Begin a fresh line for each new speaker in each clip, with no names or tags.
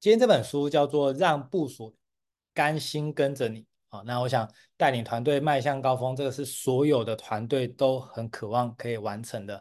今天這本書叫做《讓部屬甘心跟着你》啊，那我想帶領團隊邁向高峰，這個是所有的團隊都很渴望可以完成的。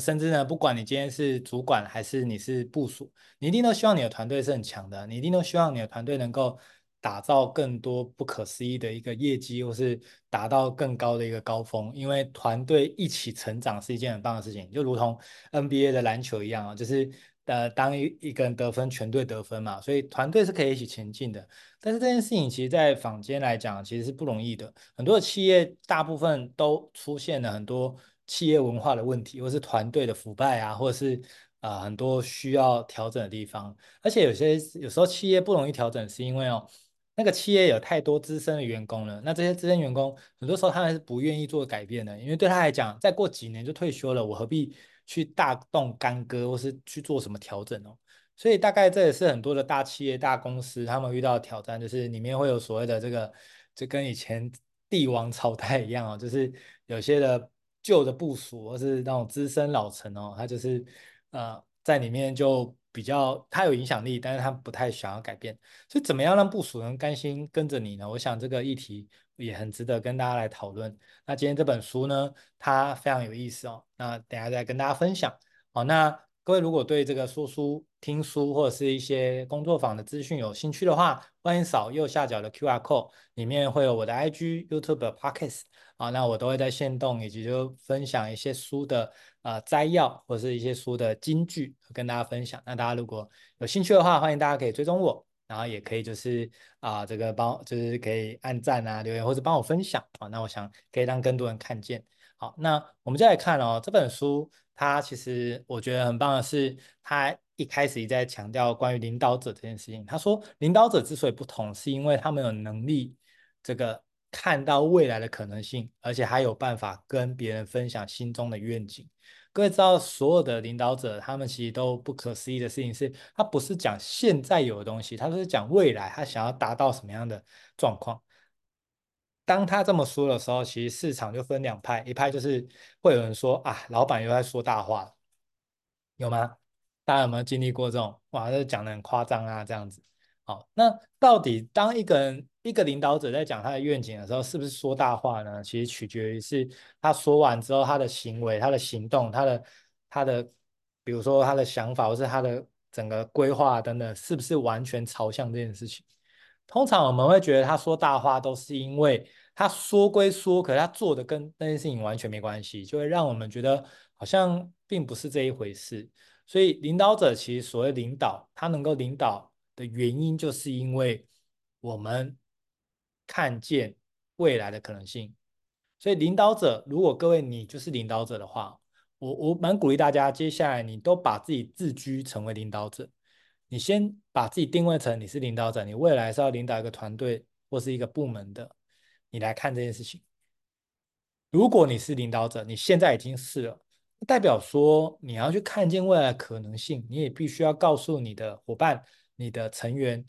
甚至呢，不管你今天是主管還是你是部屬，你一定都希望你的團隊是很強的，你一定都希望你的團隊能夠打造更多不可思議的一個業績，或是達到更高的一個高峰。因為團隊一起成長是一件很棒的事情，就如同 NBA 的籃球一樣啊，就是。呃，當一一個人得分，全隊得分嘛，所以團隊是可以一起前進的。但是這件事情，其實，在坊間來講，其實是不容易的。很多的企業大部分都出現了很多企業文化的問題，或是團隊的腐敗啊，或者是啊，呃，很多需要調整的地方。而且有些有時候企業不容易調整，是因為哦，那個企業有太多資深的員工了。那這些資深員工，很多時候他們還是不願意做改變的，因為對他來講，再過幾年就退休了，我何必？去大動干戈，或是去做什麼調整哦，所以大概這也是很多的大企業、大公司他們遇到的挑戰，就是裡面會有所謂的這個，就跟以前帝王朝代一樣哦，就是有些的舊的部屬，或是那種資深老臣哦，他就是啊、呃，在裡面就。比較他有影響力，但是他不太想要改變，所以怎麼樣讓部屬人甘心跟着你呢？我想這個議題也很值得跟大家來討論。那今天這本書呢，它非常有意思哦。那等下再跟大家分享。好，那。各位如果對這個說書、聽書或者是一些工作坊的資訊有興趣的話，歡迎掃右下角的 QR code，裡面會有我的 IG、YouTube、Podcast 啊，那我都會在限動，以及就分享一些書的呃摘要，或者是一些書的金句跟大家分享。那大家如果有興趣的話，歡迎大家可以追蹤我，然後也可以就是啊、呃、這個幫就是可以按讚啊、留言或者幫我分享啊，那我想可以讓更多人看見。好，那我們就來看哦，這本書，它其實我覺得很棒的是，他一開始一再強調關於領導者這件事情。他說，領導者之所以不同，是因為他們有能力這個看到未來的可能性，而且還有辦法跟別人分享心中的願景。各位知道，所有的領導者他們其實都不可思議的事情是，他不是講現在有的東西，他是講未來，他想要達到什麼樣的狀況。當他這麼說的時候，其實市場就分兩派，一派就是會有人說啊，老板又在說大話有嗎？大家有沒有經歷過這種？哇，這講得很誇張啊，這樣子。好，那到底當一個人一個領導者在講他的願景的時候，是不是說大話呢？其實取決於是他說完之後他的行為、他的行動、他的他的，比如說他的想法或是他的整個規劃等等，是不是完全朝向這件事情？通常我們會覺得他說大話都是因為他說歸說，可是他做的跟那件事情完全沒關係，就會讓我們覺得好像並不是這一回事。所以領導者其實所謂領導，他能夠領導的原因，就是因為我們看見未來的可能性。所以領導者，如果各位你就是領導者的話，我我蠻鼓勵大家，接下來你都把自己自居成為領導者。你先把自己定位成你是領導者，你未來是要領導一個團隊或是一個部門的，你來看這件事情。如果你是領導者，你現在已經是了，代表說你要去看見未來的可能性，你也必須要告訴你的伙伴、你的成員，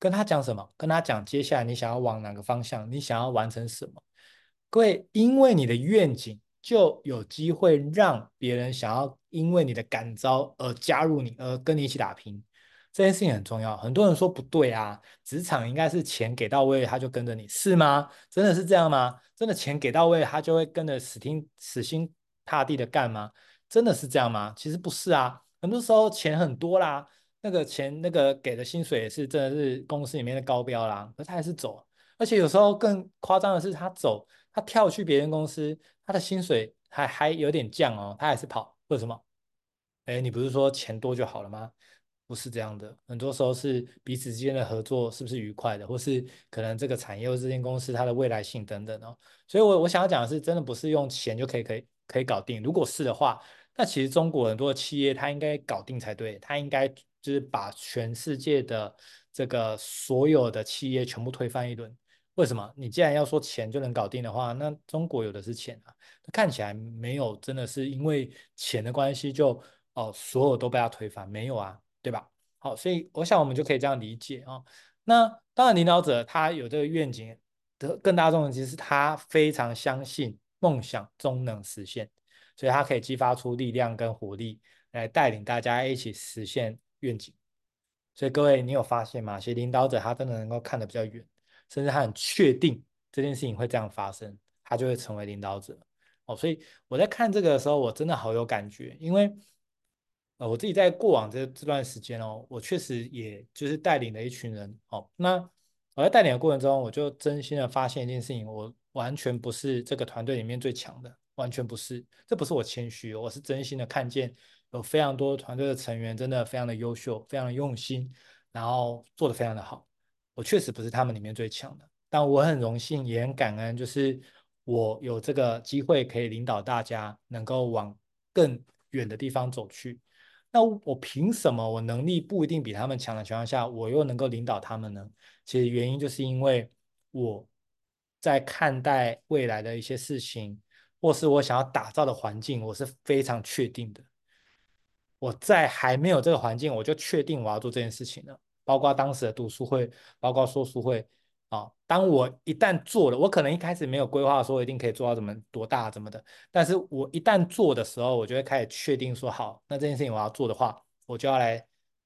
跟他講什麼，跟他講接下來你想要往哪個方向，你想要完成什麼。各位，因為你的願景就有機會讓別人想要因為你的感召而加入你，而跟你一起打拼。這件事情很重要，很多人說不對啊，職場應該是錢給到位他就跟着你是嗎？真的是這樣嗎？真的錢給到位他就會跟着死死心塌地的幹嗎？真的是這樣嗎？其實不是啊，很多時候錢很多啦，那個錢那個給的薪水也是真的是公司裡面的高標啦，可是他還是走，而且有時候更誇張的是他走，他跳去別人公司，他的薪水還還有點降哦，他還是跑為什麼？誒，你不是說錢多就好了嗎？不是這樣的，很多時候是彼此之間的合作是不是愉快的，或是可能這個產業或這間公司它的未來性等等哦。所以我，我我想要講的是，真的不是用錢就可以可以可以搞定。如果是的話，那其實中國很多的企業它應該搞定才對，它應該就是把全世界的這個所有的企業全部推翻一輪。為什麼？你既然要說錢就能搞定的話，那中國有的是錢啊。看起來沒有，真的是因為錢的關係就哦，所有都被它推翻，沒有啊。對吧？好，所以我想我們就可以這樣理解啊、哦。那當然，領導者他有這個願景的更大重點，其實是他非常相信夢想終能實現，所以他可以激發出力量跟活力來帶領大家一起實現願景。所以各位，你有發現嗎？其實領導者他真的能夠看得比較遠，甚至他很確定這件事情會這樣發生，他就會成為領導者。哦，所以我在看這個的時候，我真的好有感覺，因為，我自己在過往這這段時間哦，我確實也就是帶領了一群人哦。那我在帶領的過程中，我就真心的發現一件事情：我完全不是這個團隊裡面最強的，完全不是。這不是我謙虛，我是真心的看見有非常多團隊的成員真的非常的優秀，非常的用心，然後做得非常的好。我確實不是他們裡面最強的，但我很榮幸，也很感恩，就是我有這個機會可以領導大家，能夠往更遠的地方走去。那我憑什麼？我能力不一定比他們強的情況下，我又能夠領導他們呢？其實原因就是因為我在看待未來的一些事情，或是我想要打造的環境，我是非常確定的。我在還沒有這個環境，我就確定我要做這件事情了。包括當時的讀書會，包括說書會。哦，當我一旦做了，我可能一開始沒有規劃說一定可以做到什麼多大怎麼的，但是我一旦做的時候，我就會開始確定說好，那這件事情我要做的話，我就要來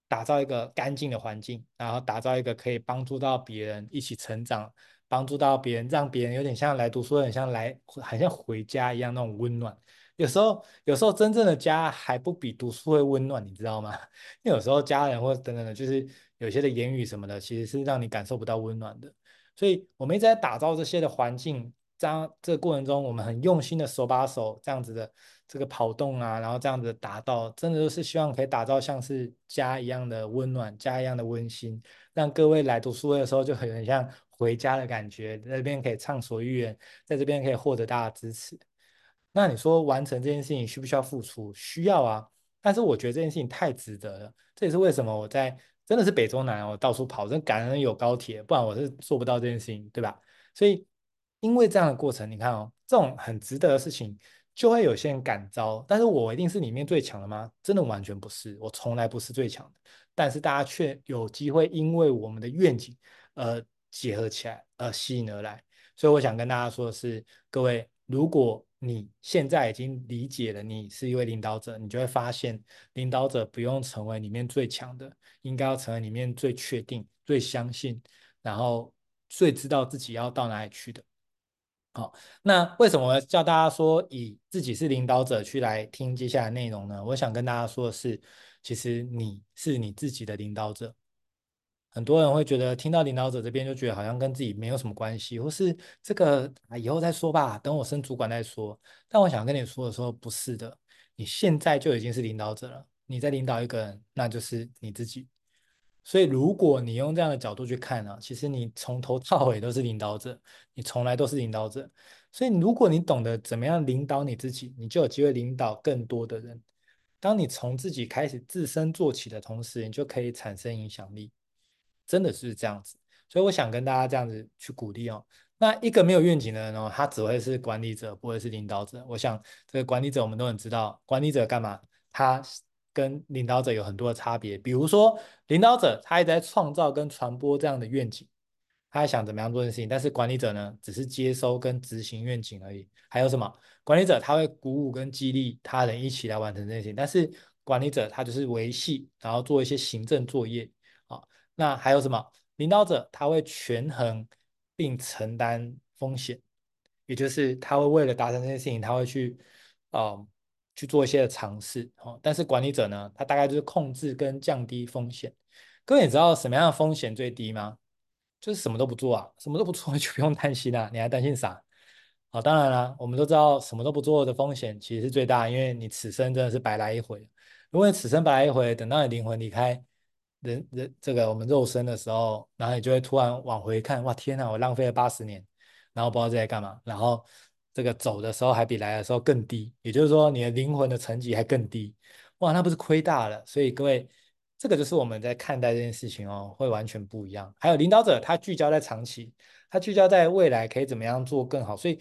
打造一個乾淨的環境，然後打造一個可以幫助到別人一起成長，幫助到別人，讓別人有點像來讀書很像來，好像回家一樣那種溫暖。有時候，有時候真正的家還不比讀書會溫暖，你知道嗎？因為有時候家人或等等的，就是有些的言語什麼的，其實是讓你感受不到溫暖的。所以，我們一直在打造這些的環境。當這，這個過程中，我們很用心的手把手這樣子的這個跑動啊，然後這樣子的達到真的就是希望可以打造像是家一樣的溫暖，家一樣的溫馨，讓各位來讀書會的時候就很像回家的感覺，在這邊可以暢所欲言，在這邊可以獲得大家的支持。那你說完成這件事情需不需要付出？需要啊。但是我覺得這件事情太值得了，這也是為什麼我在。真的是北中南哦，我到處跑，真感恩有高鐵，不然我是做不到這件事情，對吧？所以因為這樣的過程，你看哦，這種很值得的事情，就會有些人感召。但是我一定是裡面最強的嗎？真的完全不是，我從來不是最強的。但是大家卻有機會，因為我們的願景，而，結合起來，而，吸引而來。所以我想跟大家說的是，各位，如果你現在已經理解了，你是一位領導者，你就會發現，領導者不用成為裡面最強的，應該要成為裡面最確定、最相信，然後最知道自己要到哪裡去的。好，那為什麼叫大家說以自己是領導者去來聽接下來內容呢？我想跟大家說的是，其實你是你自己的領導者。很多人會覺得聽到領導者這邊就覺得好像跟自己沒有什麼關係，或是這個啊，以後再說吧，等我升主管再說。但我想跟你說的時候，不是的，你現在就已經是領導者了。你在領導一個人，那就是你自己。所以，如果你用這樣的角度去看呢啊，其實你從頭到尾都是領導者，你從來都是領導者。所以，如果你懂得怎麼樣領導你自己，你就有機會領導更多的人。當你從自己開始自身做起的同時，你就可以產生影響力。真的是這樣子，所以我想跟大家這樣子去鼓勵哦。那一個沒有願景的人呢、哦？他只會是管理者，不會是領導者。我想這個管理者我們都很知道，管理者幹嘛？他跟領導者有很多的差別。比如說，領導者他一直在創造跟傳播這樣的願景，他在想怎麼樣做的事情。但是管理者呢，只是接收跟執行願景而已。還有什麼？管理者他會鼓舞跟激勵他人一起來完成這件事情。但是管理者他就是維繫，然後做一些行政作業。那還有什麼領導者，他會權衡並承擔風險，也就是他會為了達成這件事情，他會去、啊、哦、去做一些的嘗試。哦，但是管理者呢，他大概就是控制跟降低風險。各位你知道什麼樣的風險最低嗎？就是什麼都不做啊，什麼都不做就不用擔心啦、啊，你還擔心啥？好，當然啦、啊，我們都知道什麼都不做的風險其實是最大，因為你此生真的是白來一回。如果你此生白來一回，等到你靈魂離開。人人這個我們肉身的時候，然後你就會突然往回看，哇，天吶，我浪費了八十年，然後不知道在幹嘛，然後這個走的時候還比來的時候更低，也就是說你的靈魂的層級還更低，哇，那不是虧大了？所以各位，這個就是我們在看待這件事情哦，會完全不一樣。還有領導者，他聚焦在長期，他聚焦在未來可以怎麼樣做更好，所以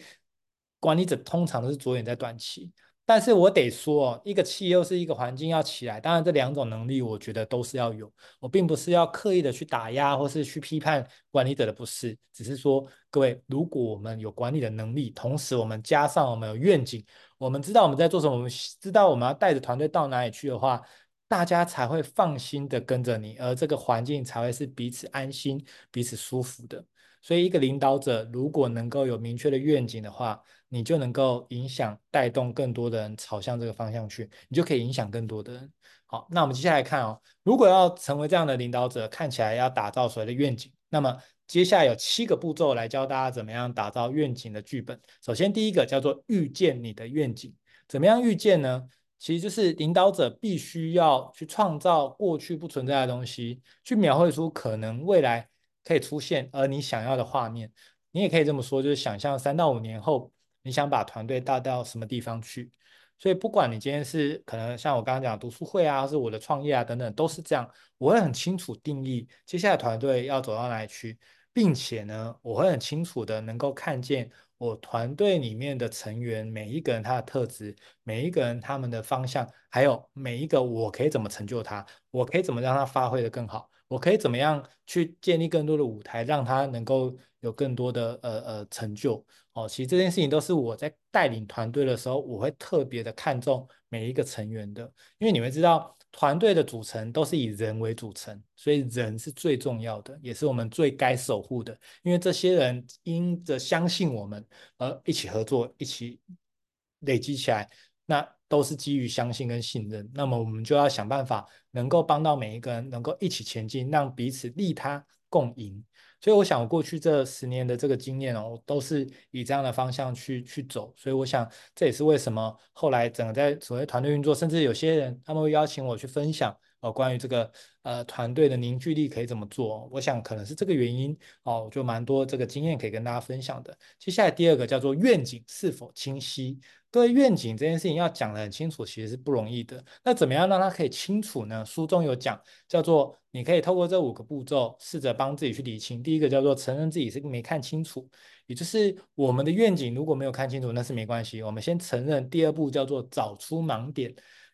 管理者通常都是着眼在短期。但是我得說哦，一個氣又是一個環境要起來。當然，這兩種能力，我覺得都是要有。我並不是要刻意的去打壓或是去批判管理者的不是，只是說，各位，如果我們有管理的能力，同時我們加上我們有願景，我們知道我們在做什麼，我們知道我們要帶着團隊到哪裡去的話，大家才會放心的跟着你，而這個環境才會是彼此安心、彼此舒服的。所以，一個領導者如果能夠有明確的願景的話，你就能夠影響帶動更多的人朝向這個方向去，你就可以影響更多的人。好，那我們接下來看哦，如果要成為這樣的領導者，看起來要打造所謂的願景，那麼接下來有七個步驟來教大家怎麼樣打造願景的劇本。首先，第一個叫做預見你的願景，怎麼樣預見呢？其實就是領導者必須要去創造過去不存在的東西，去描繪出可能未來可以出現而你想要的畫面。你也可以這麼說，就是想象三到五年後。你想把團隊帶到什麼地方去？所以，不管你今天是可能像我剛剛講讀書會啊，是我的創業啊等等，都是這樣。我會很清楚定義接下來團隊要走到哪裡去，並且呢，我會很清楚的能夠看見我團隊裡面的成員每一個人他的特質，每一個人他們的方向，還有每一個我可以怎麼成就他，我可以怎麼讓他發揮得更好，我可以怎麼樣去建立更多的舞台，讓他能夠有更多的呃呃成就。哦，其實這件事情都是我在帶領團隊的時候，我會特別的看重每一個成員的，因為你們知道，團隊的組成都是以人為組成，所以人是最重要的，也是我們最該守護的。因為這些人因着相信我們而一起合作，一起累積起來，那都是基於相信跟信任。那麼我們就要想辦法能夠幫到每一個人，能夠一起前進，讓彼此利他共贏。所以我想，過去這十年的這個經驗哦，都是以這樣的方向去去走。所以我想，這也是為什麼後來整個在所謂團隊運作，甚至有些人他們會邀請我去分享。哦，關於這個呃團隊的凝聚力可以怎麼做哦？我想可能是這個原因哦，就蠻多這個經驗可以跟大家分享的。接下來第二個叫做願景是否清晰？各位願景這件事情要講得很清楚，其實是不容易的。那怎麼樣讓它可以清楚呢？書中有講，叫做你可以透過這五個步驟試着幫自己去理清。第一個叫做承認自己是沒看清楚，也就是我們的願景如果沒有看清楚，那是沒關係，我們先承認。第二步叫做找出盲點。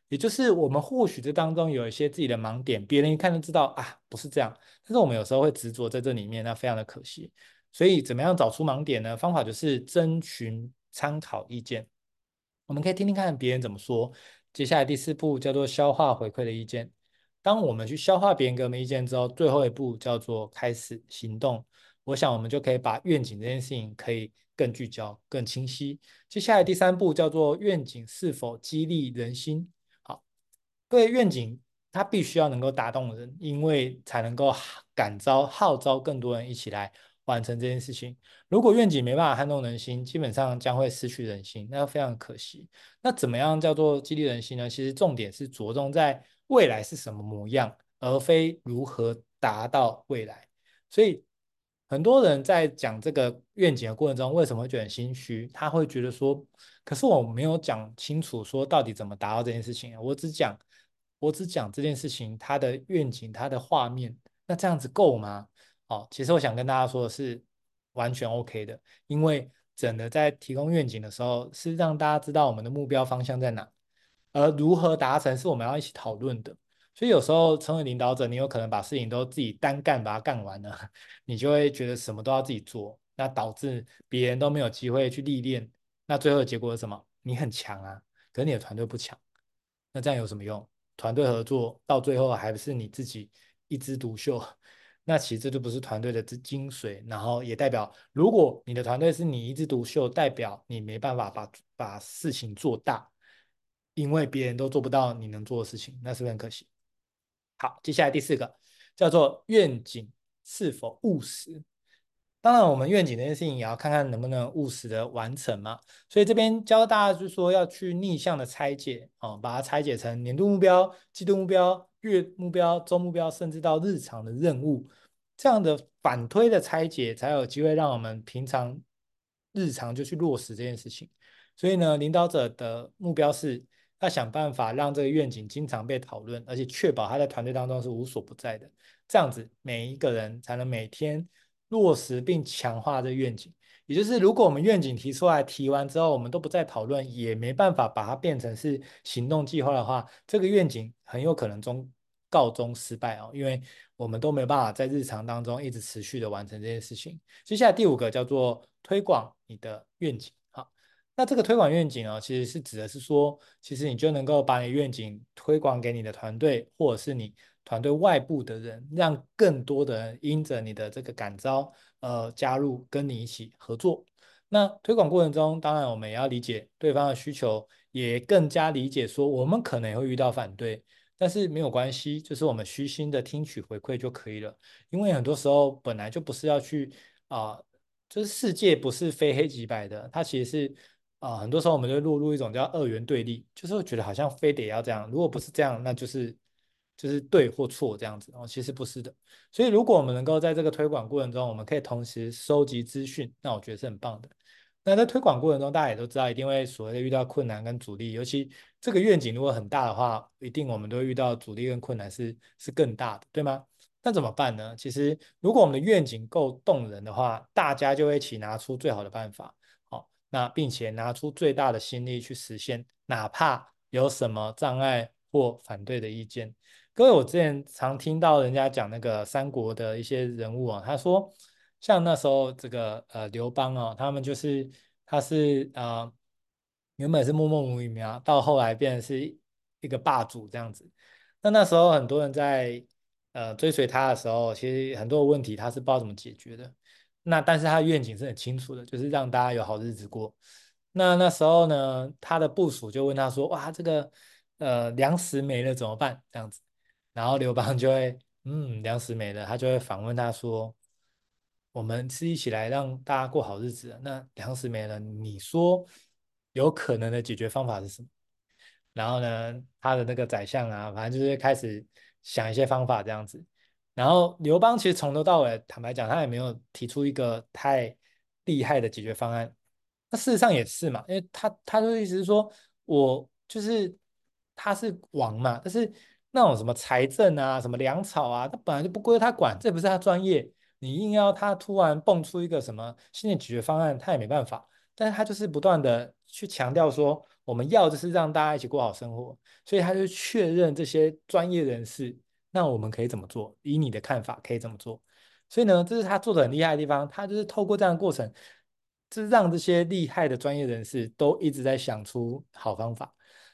也就是我們或許這當中有一些自己的盲點，別人一看就知道啊，不是這樣。但是我們有時候會執着在這裡面，那非常的可惜。所以怎麼樣找出盲點呢？方法就是徵詢參考意見，我們可以聽聽看別人怎麼說。接下來第四步叫做消化回饋的意見。當我們去消化別人給我們意見之後，最後一步叫做開始行動。我想我們就可以把願景這件事情可以更聚焦、更清晰。接下來第三步叫做願景是否激勵人心？各位，願景，它必須要能夠打動人，因為才能夠感召、號召更多人一起來完成這件事情。如果願景沒辦法撼動人心，基本上將會失去人心，那非常可惜。那怎麼樣叫做激勵人心呢？其實重點是着重在未來是什麼模樣，而非如何達到未來。所以很多人在講這個願景的過程中，為什麼會覺得很心虛？他會覺得說：“可是我沒有講清楚，說到底怎麼達到這件事情啊？我只講。”我只講這件事情，它的願景，它的畫面，那這樣子夠嗎？哦，其實我想跟大家說的是完全 OK 的，因為整個在提供願景的時候，是讓大家知道我們的目標方向在哪，而如何達成是我們要一起討論的。所以有時候成為領導者，你有可能把事情都自己單幹，把它幹完了，你就會覺得什麼都要自己做，那導致別人都沒有機會去歷練。那最後的結果是什麼？你很強啊，可是你的團隊不強，那這樣有什麼用？團隊合作到最後還不是你自己一枝獨秀，那其實這就不是團隊的精精髓。然後也代表，如果你的團隊是你一枝獨秀，代表你沒辦法把把事情做大，因為別人都做不到你能做的事情，那是不是很可惜？好，接下來第四個叫做願景是否務實。當然，我們願景這件事情也要看看能不能務實的完成嘛。所以這邊教大家就是說要去逆向的拆解哦，把它拆解成年度目標、季度目標、月目標、週目標，甚至到日常的任務，這樣的反推的拆解才有機會讓我們平常日常就去落實這件事情。所以呢，領導者的目標是要想辦法讓這個願景經常被討論，而且確保他在團隊當中是無所不在的，這樣子每一個人才能每天。落實並強化這願景，也就是如果我們願景提出來提完之後，我們都不再討論，也沒辦法把它變成是行動計劃的話，這個願景很有可能終告終失敗哦，因為我們都沒有辦法在日常當中一直持續的完成這件事情。接下來第五個叫做推廣你的願景，好，那這個推廣願景哦，其實是指的是說，其實你就能夠把你願景推廣給你的團隊或者是你。團隊外部的人，讓更多的人因着你的這個感召，呃，加入跟你一起合作。那推廣過程中，當然我們也要理解對方的需求，也更加理解說我們可能會遇到反對，但是沒有關係，就是我們虛心的聽取回饋就可以了。因為很多時候本來就不是要去啊、呃，就是世界不是非黑即白的，它其實是啊、呃，很多時候我們就落入一種叫二元對立，就是會覺得好像非得要這樣，如果不是這樣，那就是。就是對或錯這樣子，哦，其實不是的。所以，如果我們能夠在這個推廣過程中，我們可以同時收集資訊，那我覺得是很棒的。那在推廣過程中，大家也都知道，一定會所謂的遇到困難跟阻力，尤其這個願景如果很大的話，一定我們都會遇到阻力跟困難是是更大的，對嗎？那怎麼辦呢？其實，如果我們的願景夠動人的話，大家就一起拿出最好的辦法，好、哦，那並且拿出最大的心力去實現，哪怕有什麼障礙或反對的意見。因為我之前常聽到人家講那個，三國的一些人物啊，他說像那時候這個呃劉邦哦，他們就是他是呃原本是默默無名啊，到後來變成是一個霸主這樣子。那那時候很多人在呃追隨他的時候，其實很多問題他是不知道怎麼解決的。那但是他的願景是很清楚的，就是讓大家有好日子過。那那時候呢，他的部屬就問他說：“哇，這個呃糧食沒了怎麼辦？”這樣子。然後劉邦就會，嗯，糧食沒了，他就會反問他說：“我們是一起來讓大家過好日子的，那糧食沒了，你說有可能的解決方法是什麼？”然後呢，他的那個宰相啊，反正就是開始想一些方法這樣子。然後劉邦其實從頭到尾，坦白講，他也沒有提出一個太厲害的解決方案。那事實上也是嘛，因為他他的意思是說，我就是他是王嘛，但是。那種什麼財政啊，什麼糧草啊，他本來就不歸他管，這不是他專業，你硬要他突然蹦出一個什麼新的解決方案，他也沒辦法。但是他就是不斷的去強調說，我們要就是讓大家一起過好生活，所以他就確認這些專業人士，那我們可以怎麼做？以你的看法，可以怎麼做？所以呢，這是他做的很厲害的地方，他就是透過這樣的過程，就是讓這些厲害的專業人士都一直在想出好方法。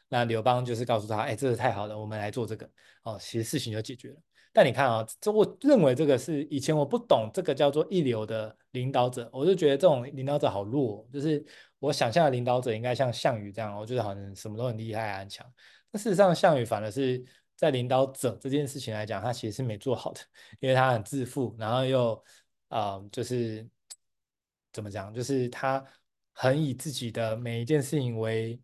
那劉邦就是告訴他，哎、欸，這個太好了，我們來做這個哦，其實事情就解決了。但你看啊、哦，這我認為這個是以前我不懂，這個叫做一流的領導者，我就覺得這種領導者好弱、哦，就是我想象的領導者應該像項羽這樣、哦，我覺得好像什麼都很厲害、啊、很強。但事實上，項羽反而是在領導者這件事情來講，他其實是沒做好的，因為他很自負，然後又，啊、呃、就是怎麼講，就是他很以自己的每一件事情為。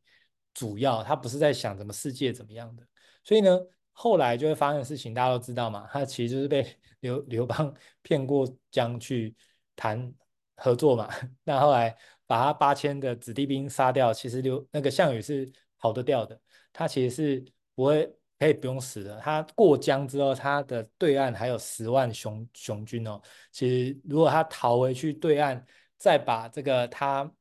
主要他不是在想怎麼世界怎麼樣的，所以呢，後來就會發生的事情，大家都知道嘛。他其實就是被劉劉邦騙過江去談合作嘛。那後來把他八千的子弟兵殺掉，其實劉那個項羽是跑得掉的，他其實是不會可以不用死的。他過江之後，他的對岸還有十萬雄雄軍哦。其實如果他逃回去對岸，再把這個他。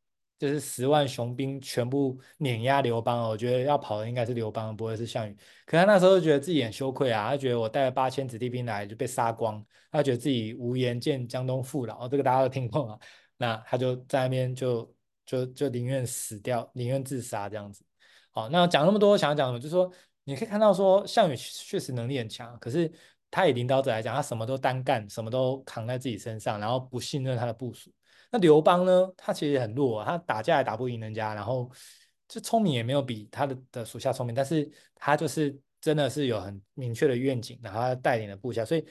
就是十萬雄兵全部碾壓劉邦哦，我覺得要跑的應該是劉邦，不會是項羽。可是他那時候就覺得自己很羞愧啊，他覺得我帶了八千子弟兵來就被殺光，他覺得自己無顏見江東父老，這個大家都聽過啊。那他就在那邊就就就，就寧願死掉，寧願自殺這樣子。好，那講那麼多，想要講什麼？就是說你可以看到說項羽確實能力很強，可是他以領導者來講，他什麼都單幹，什麼都扛在自己身上，然後不信任他的部屬。那劉邦呢？他其實很弱，他打架也打不贏人家，然後就聰明也沒有比他的的屬下聰明，但是他就是真的是有很明確的願景，然後他帶領了部下，所以。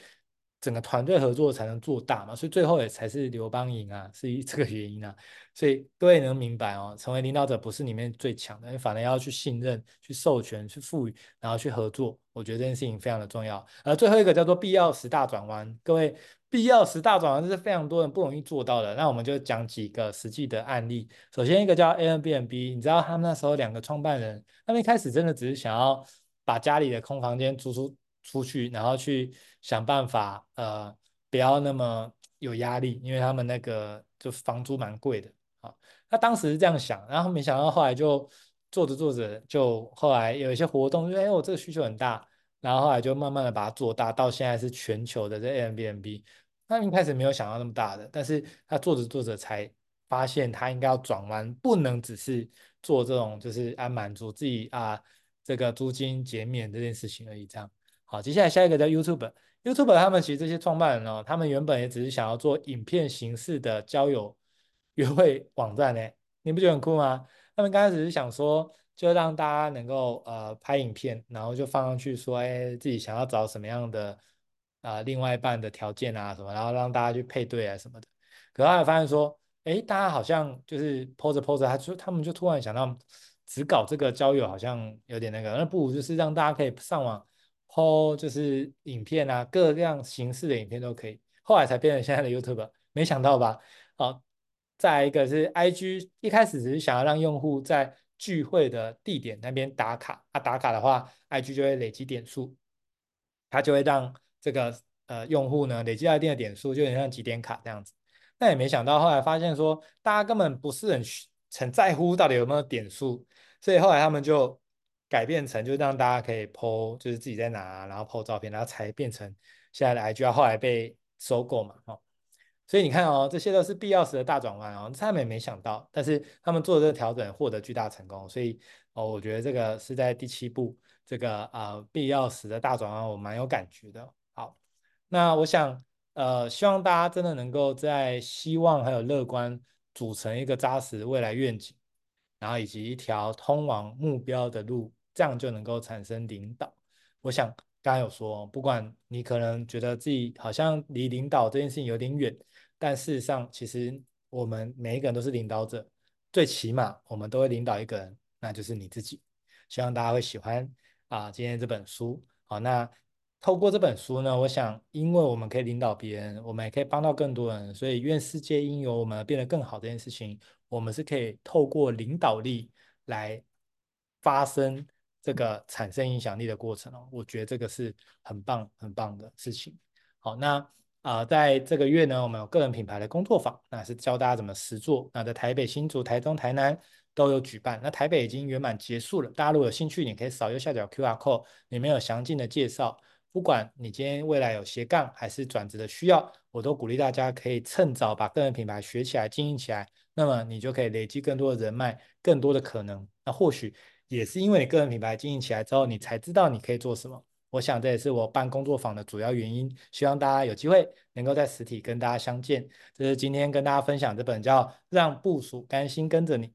整個團隊合作才能做大嘛，所以最後也才是劉邦贏啊，是這個原因啊，所以各位能明白哦，成為領導者不是裡面最強的，反而要去信任、去授權、去賦予，然後去合作，我覺得這件事情非常的重要。而最後一個叫做必要時大轉彎，各位必要時大轉彎，這是非常多人不容易做到的，那我們就講幾個實際的案例。首先一個叫 Airbnb，你知道他們那時候兩個創辦人，他們一開始真的只是想要把家裡的空房間租出。出去，然後去想辦法，呃，不要那麼有壓力，因為他們那個就房租蠻貴的啊。他當時是這樣想，然後沒想到後來就做着做着，就後來有一些活動，就說哎，我這個需求很大，然後後來就慢慢的把它做大，到現在是全球的這 Airbnb。那一開始沒有想到那麼大的，但是他做着做着才發現，他應該要轉彎，不能只是做這種就是啊滿足自己啊這個租金減免這件事情而已，這樣。好，接下來下一個叫 YouTube，YouTube 他們其實這些創辦人哦，他們原本也只是想要做影片形式的交友約會網站嘞，你不覺得很酷嗎？他們剛開始是想說，就讓大家能夠呃拍影片，然後就放上去說，哎，自己想要找什麼樣的啊、呃、另外一半的條件啊什麼，然後讓大家去配對啊什麼的。可後來發現說，哎，大家好像就是 po 着 po 着，他就他們就突然想到，只搞這個交友好像有點那個，那不如就是讓大家可以上網。po 就是影片啊，各樣形式的影片都可以，後來才變成現在的 YouTube，沒想到吧？好，再一個是 IG，一開始只是想要讓用戶在聚會的地點那邊打卡，他、啊、打卡的話，IG 就會累積點數，他就會讓這個呃用戶呢累積到一定的點數，就很像集點卡這樣子。那也沒想到後來發現說，大家根本不是很很在乎到底有沒有點數，所以後來他們就。改變成就是讓大家可以 PO，就是自己在哪，然後 PO 照片，然後才變成現在的 IG。然後，後來被收購嘛，哈、哦。所以你看哦，這些都是必要時的大轉彎哦。他們也沒想到，但是他們做這個調整獲得巨大成功。所以哦，我覺得這個是在第七步這個啊、呃、必要時的大轉彎，我蠻有感覺的。好，那我想呃，希望大家真的能夠在希望還有樂觀組成一個扎實未來願景，然後以及一條通往目標的路。這樣就能夠產生領導。我想剛才有說，不管你可能覺得自己好像離領導這件事情有點遠，但事實上，其實我們每一個人都是領導者，最起碼我們都會領導一個人，那就是你自己。希望大家會喜歡啊、呃，今天這本書。好，那透過這本書呢，我想，因為我們可以領導別人，我們也可以幫到更多人，所以願世界因有我們而變得更好這件事情，我們是可以透過領導力來發生。這個產生影響力的過程哦，我覺得這個是很棒、很棒的事情。好，那啊、呃，在這個月呢，我們有個人品牌的工作坊，那是教大家怎麼實作。那在台北、新竹、台中、台南都有舉辦。那台北已經圓滿結束了，大家如果有興趣，你可以掃右下角 QR code，裡面有詳盡的介紹。不管你今天未來有斜槓還是轉職的需要，我都鼓勵大家可以趁早把個人品牌學起來、經營起來，那麼你就可以累積更多的人脈、更多的可能。那或許。也是因為你個人品牌經營起來之後，你才知道你可以做什麼。我想這也是我辦工作坊的主要原因，希望大家有機會能夠在實體跟大家相見。這是今天跟大家分享這本叫《讓部屬甘心跟着你》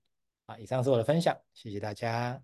啊，以上是我的分享，謝謝大家。